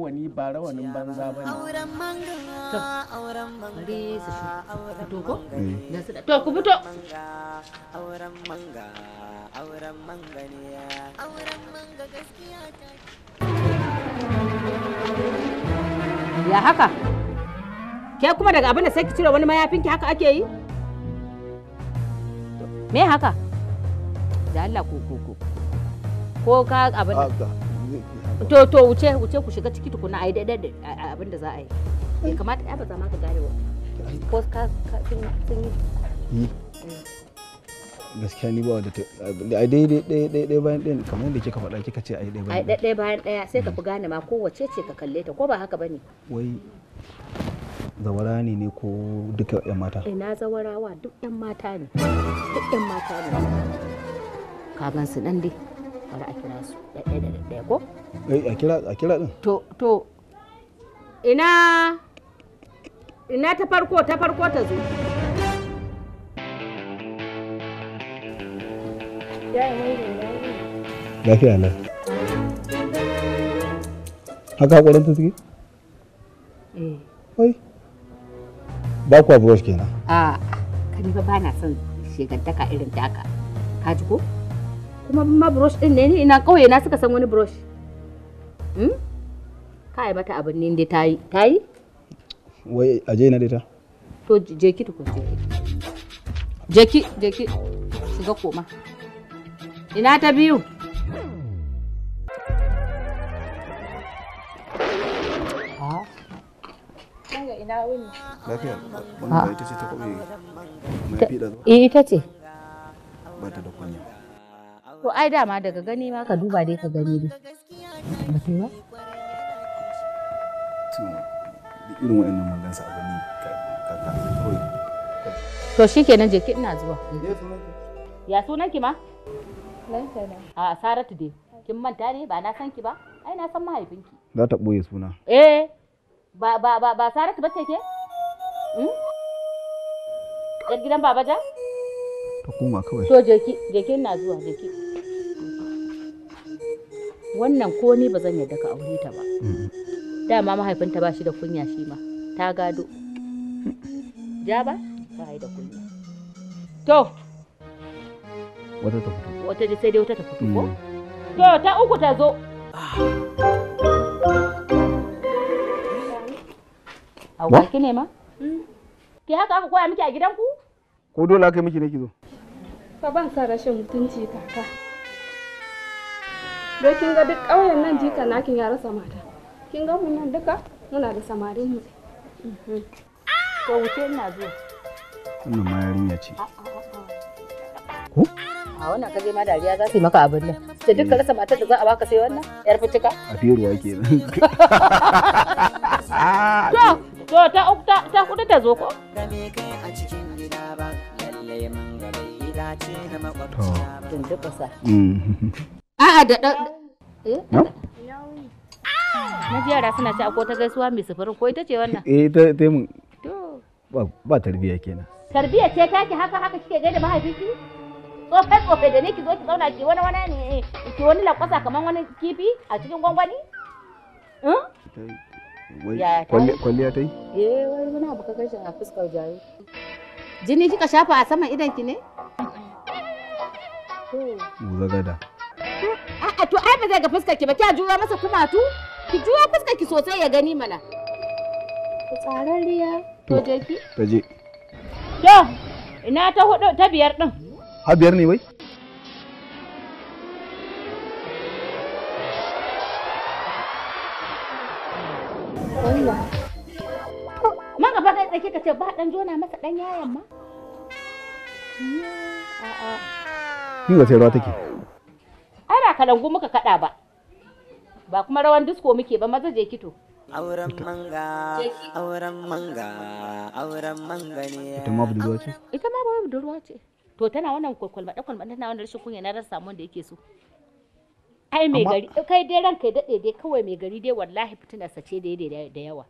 wani ba rawanin banza ba ne. Mm. Auren manga, auren manga, Ya haka? Ke kuma daga abin da sai ki cire wani mayafinki haka ake yi? Me haka? Da Allah ko ko ko. Ko ka abin to to wuce wuce ku shiga ciki tukuna a yi daidai da abin da za a yi ya eh. kamata ya ba za ma ka gane wa ko ka sun yi gaskiya ni ba wadda a daidai daya daya daya bayan daya kamar yadda kika faɗa kika ce a daidai bayan daya daya bayan daya sai ka mm. fi gane ma ko wace ce ka kalle ta ko ba haka bane wai zawara ne ne ko duka yan mata ina eh, zawarawa duk yan mata ne duk yan mata ne ka gan su nan dai bari a kira su ɗaya da ɗaya ko? Eh, a kira a kira ɗin. to to ina ina ta farko ta farko ta zo. lafiya na. haka haƙorin ta suke? eh. oi ba kuwa brush kenan. a ah, ah, kani ba na son shegantaka irin taka ka ji ko? kuma ma brush din ne ni ina kauye na suka san wani brush hmm kai mata abin ne dai tayi tayi wai aje na dai ta to je ki tukun je ki je ki shiga koma ina ta biyu Lafiya, ah. ita ce ta da zuwa? Eh, ita ce. Ba ta da To ai dama daga gani ma ka duba dai ka gani dai. Ba ta yi ba? To irin wa'annan mallan sa abin ka ka To shikenan je ki ina zuwa. Ya sunan ki ma? Lantana. A Saratu dai. Kin manta ne ba na san ki ba? Ai na san mahaifinki. Za ta boye suna. Eh. Ba ba ba ba Saratu bace ke? Hmm? Yar gidan Babaja? Ta koma kawai. To je ki je ki ina zuwa je ki. wannan ko ni ba zan yarda ka aure ta ba dama mahaifinta ba shi da kunya shi ma ta gado ja ba ba da kunya to wata ta fito wata sai dai wata ta fito ko mm. to ta uku ta zo ah. Auwa ki ne ma? Mm. Ki haka aka koya miki a gidanku? Ko dole aka yi miki ne ki zo? Ka ban sa rashin mutunci kaka. don kin ga duk ƙauyen nan jika nakin ya rasa mata kin ga mun nan duka muna da samarin mu to wuce ina zuwa wannan ma yarinya ce ah, ah, ah, ko a wannan je ma dariya za su yi maka abin nan da duk rasa matar da za a baka sai wannan yar fitika a firuwa kenan to to ta ukta ta kudu ta zo ko da kai a cikin gida ba lalle mun ga bai dace da makwabta ba tun duka sa mm. kana da ɗan eh? na suna ci ta gaisuwa mai sufurin ko ita ce wannan eh ta ta mun ba tarbiyya kenan tarbiyya ce ta haka haka kike gaida mahaifinki tsofai tsofai da ne ki zo ki zauna ki wani wani ne eh. ki wani lakwasa kamar wani kifi a cikin gwangwani eh? kwalliya ta yi eh wani muna ka gaishe a fuskar jari jini kika shafa a saman idan ki ne a to ai ba zai ga fuskar ki ba kya jura masa kumatu ki jura fuskar ki sosai ya gani mana ku tsararriya to je ki ta je to ina ta hudu ta biyar din ha biyar ne wai Man gaba kai tsaki ka ce ba dan jona masa dan yayan ma? Hmm, a'a. Kin sai ruwa take. kalangu muka kada ba ba kuma rawan disko muke ba maza je kito auren manga auren manga auren manga ne ita ma budurwa ce ita ma ba budurwa ce to tana wannan kwalkwalma da kwalkwalma tana wannan rashin kunya na rasa mun da yake so ai mai gari kai dai ranka ya dade dai kawai mai gari dai wallahi fitina sace dai dai da yawa